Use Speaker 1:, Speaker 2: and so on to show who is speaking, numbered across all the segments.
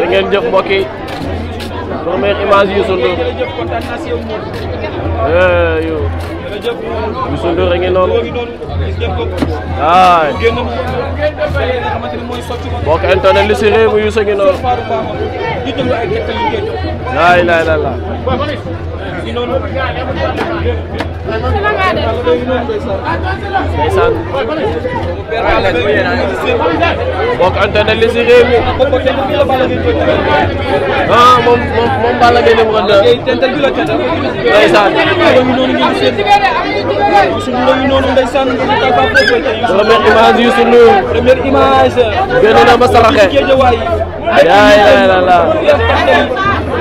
Speaker 1: da ngeen jëf mbokk yi première image Youssou Ndour yow Youssou Ndour a ngi internet li si réew mi Youssou ngi noonu ndeysaan bokk antenne li si réew mi ah moom moom moom Balla Gaye numéro 2 ndeysaan première image yu sunu première image génn na ba saraxe yaay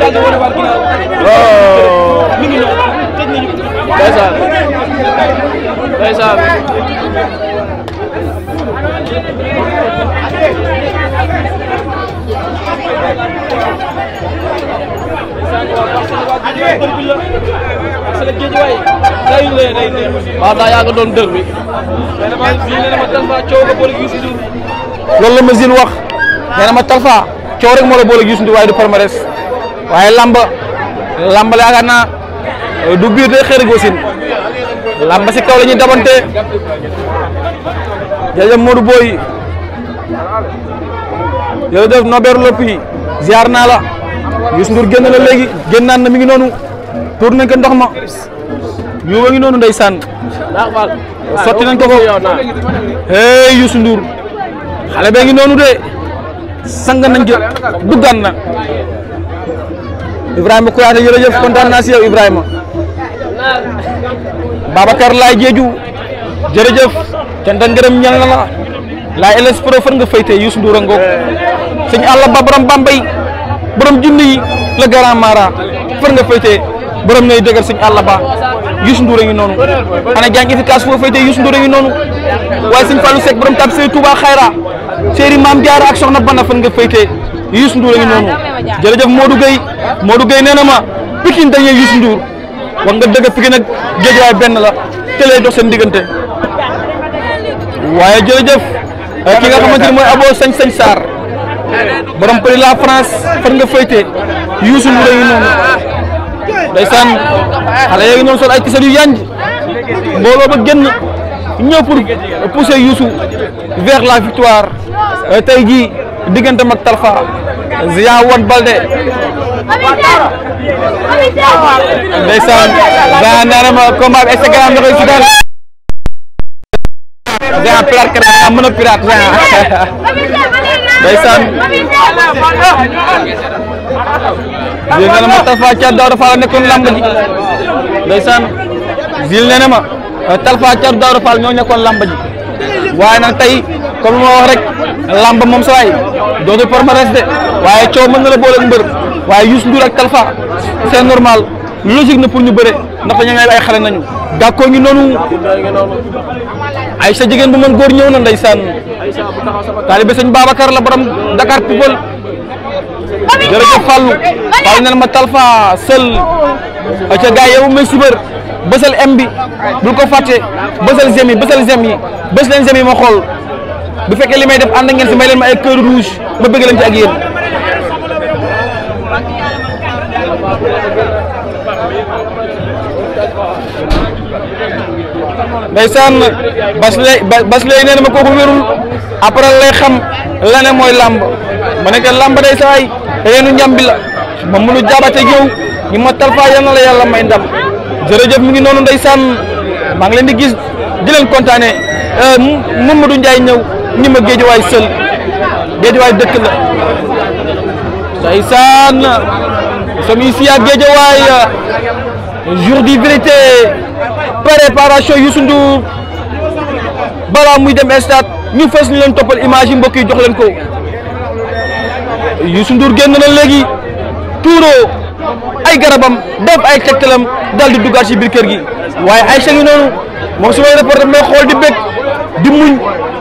Speaker 1: waaw. ndeysaan ndeysaan. waaw daa yàgg doon dër bi. loolu la ma Zil wax. nee na ma Talfa coow rek moo la boole Youssou Ndour waaye du palmarès. waaye lamb lamb yaakaar naa euh, du biir de xëy na lamb si kaw la ñuy dabante jërëjëf Modou Boy jërëjëf Nober Lopi ziar naa la Youssou Ndour génn la léegi génnaan na mi ngi noonu tuur nañ ko ndox ma ñu ngi noonu ndeysaan sotti nañ ko ko hey Youssou Ndour xale bee ngi noonu de sang nañ ko na. Ibrahima Kouyaté jërëjëf kontaan naa si yow Ibrahima Babacar Laye Diédhiou jërëjëf cant ak ngërëm ñal na la laay LS fan nga faytee Youssou Ndour a ngoog sëñ àlla ba borom Bambey borom junni yi le grand mara fan nga faytee borom nay dëgër sëñ àlla ba Youssou Ndour a ngi noonu ana jàng efficace foo faytee Youssou Ndour a ngi noonu waaye sëñ Fallou Seck borom tab sey Touba Xayra séeri maam jaara ak soxna bana fan nga faytee Youssou Ndour a ngi noonu jërëjëf Modou Gueye Modou Gueye nee na ma Pikine dañuy Youssou Ndour wax nga dëgg Pikine ak Guédiawaye benn la te lay dox seen diggante waaye jërëjëf eh, ki nga xamante ne mooy Abo Sañ Sañ Sarr borom përi la France fan nga fayte Youssou Ndour a ngi noonu ndeysaan xale yaa ngi noonu sol ay tisal yu yanj mbooloo ba génn ñëw pour pousser Youssou vers la victoire eh, tey jii diggante mag Talfa Zia Wone Baldé ndeysaan Zia nee na ma combat bi Instagram da koy si dal Zia plaque la mën a pirate Zia ndeysaan Zia nee na ma Talfa Thiat Daouda Fall nekkoon lamb ji ndeysaan Zia nee na ma Talfa Thiat Daouda Fall ñoo nekkoon lamb ji waaye nag tey comme moo wax rek làmb moom sa waay dootul palmarès de waaye coow mën na la boole mbër waaye Youssou Ndour ak Talfa c'est normal logique na pour ñu bëre ndax dañu ay xale nañu gàkkoo ngi noonu ay sa jigéen bu mën góor ñëw na ndeysaan taalibe sëñ Babacar la borom Dakar People jërëjëf Fallou Fallou nel ma Talfa sël aca gaa yow may subar bësal m bi bul ko fàtte bësal zem yi bësal zem yi bës leen zem yi ma xool bu fekkee li may def ànd ngeen si may leen ma ay cœur rouge ma bëgg leen ci ak yéen. ndeysaan bas lay bas lay nee ma kooku wérul après lay xam la mooy làmb ma nekk làmb day saay reenu njàmbi la ma mënu jaabate yow ñi ma talfaa yal la yàlla may ndam jërëjëf mi ngi noonu ndeysaan maa ngi leen di gis di leen kontaane euh, Mamadou Ndiaye ñëw ni ma géejuwaay sël géejuwaay dëkk la ndeysaan nous sommes ici à géejuwaay jour du vérité préparation Youssou Ndour muy dem stade ñu fës ñu leen toppal image yi mbokk yi jox leen ko Youssou Ndour génn na léegi tuuro ay garabam def ay tegtalam dal du duggaat ci biir kër gi waaye ay sëñ yu noonu moom su may reporté may di bëgg. di muñ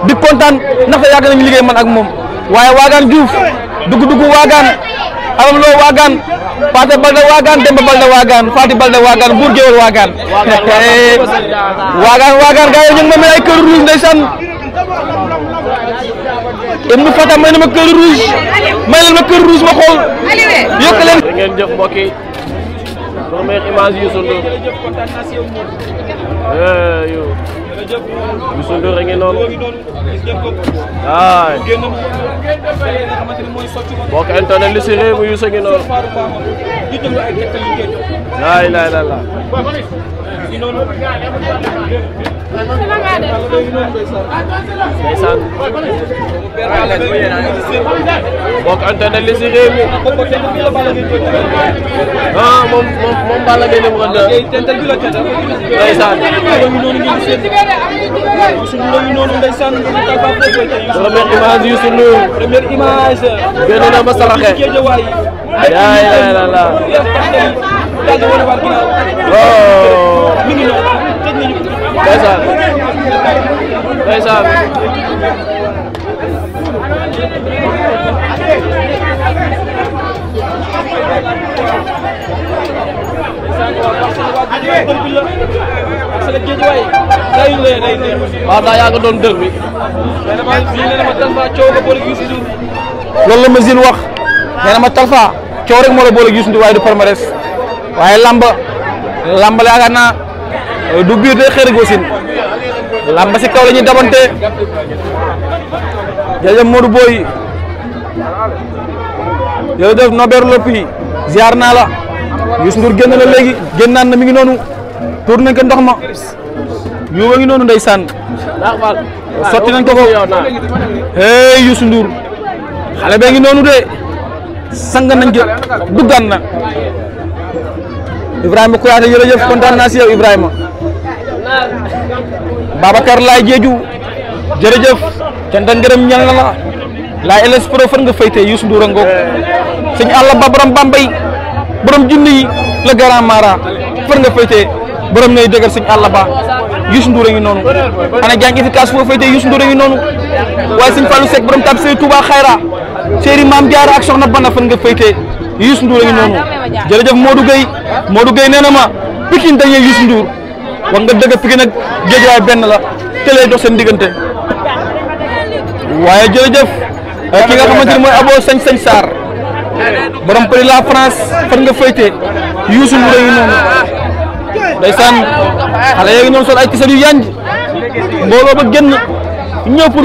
Speaker 1: di kontaan ndaxte yàgg nañu liggéey man ak moom waaye waagaan Diouf dugg dugg waagaan alam loo waagaan Paate Balde waagaan Demba Balde waagaan Fati Balde waagaan Buur Géwél waagaan waagaan waagaan gars yi ñu ay kër rouge ndeysaan Ibnu Fata may na kër may leen ma kër rouge ma xool Youssou Ndour a ngi noonu waay boo ko intonné li si réew mi Youssou ngi noonu laay laay laay laay ndeysaan boo ko intonné li si réew mi ah moom moom moom Balla Gaye numéro 2 ndeysaan Youssou Ndour ñu noonu ndeysaan première image Youssou Ndour première image génn na ma saraxe yaay la la la waaw ndeysaan ndeysaan waaw daa yaa nga doon dër bi. loolu la ma zil wax nee na ma Talfa coow rek moo la boole Youssou waaye du palmarès waaye lamba lamba yaakaar naa euh, du biir de xëy gosin lamba si kaw la ñuy dabante jërëjëf Modou Boy jërëjëf Norbert Lopi ziar naa la. Youssou Ndour génn na léegi génnaan na mi ngi noonu tuur nañ ndox ma yow a noonu noonu ndeysaan sotti nañ ko ko hey Youssou Ndour xale ngi noonu de sang nañ ko duggaan na Ibrahima Kouyaté jërëjëf kontaan naa si yow Ibrahima Babacar Laay Jeeju jërëjëf canta ngërëm ñal na laay LS Pro fan nga faytee Youssou Ndour a ngoog sëñ Alla Babram Bambay borom junni yi le grand mara fër nga féetee bërëm na dëgër sëñ àll ba Youssou Ndour a ngi noonu ana jàngi fi kaas foo féetee Youssou a ngi noonu waaye sëñ Fallou Seck borom tab sey Touba Xayra séeri maam jaara ak soxna bana fër nga féetee Youssou Ndour a ngi noonu jërëjëf Modou Gueye Modou Gueye nee na ma Pikine dañuy Youssou Ndour nga dëgg Pikine ak Guédiawaye benn la te lay dox seen diggante waaye jërëjëf ki nga xamante ni mooy Abo Sañ Sañ Sarr borom përi la France fan nga fayte yuusu mu rëy noonu ndeysaan xale yaa ngi noonu sol ay tisal yu yanj mbooloo ba génn ñëw pour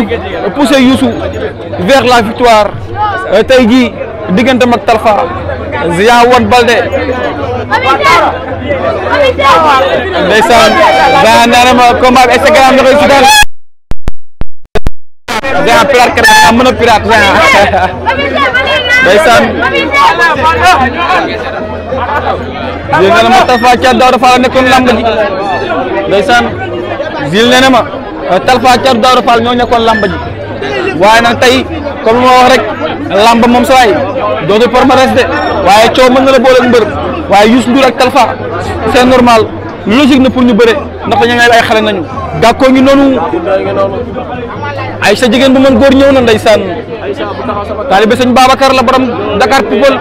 Speaker 1: pousser yuusu vers la victoire euh, tey jii diggante mag Talfa Zia Wade Balde ndeysaan daa nee na ma combat bi Instagram la koy si daal Zia pirate kara mën a pirate ndeysaan zil nee ma Talfa Thiat Daouda Fall nekkoon lamb ji ndeysaan zil na ma euh, Talfa Thiat Daouda ñoo nekkoon lamb ji waaye nag tey comme ma wax rek lamb moom sawaay dootul palmarès de waaye coow mën na la boole mbër waaye Youssou Ndour ak Talfa c'est normal logique na pour ñu bëre ndax dañu ngay ay xale nañu gàkkoo ngi noonu ay sa jigéen bu mën góor ñëw na ndeysaan taalibe sëñ Babacar la borom Dakar People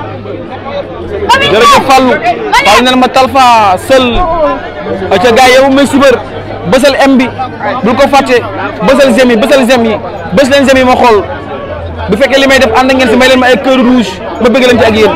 Speaker 1: jërëjëf Fallou Fallou nel ma talfa sël aca gaay yow may ba bësal m bi bul ko fàtte ba zem yi bësal zem yi bës leen zem ma xool bu fekkee li may def ànd ngeen si may leen ma ay cœur rouge ma bëgg leen ci ak yéen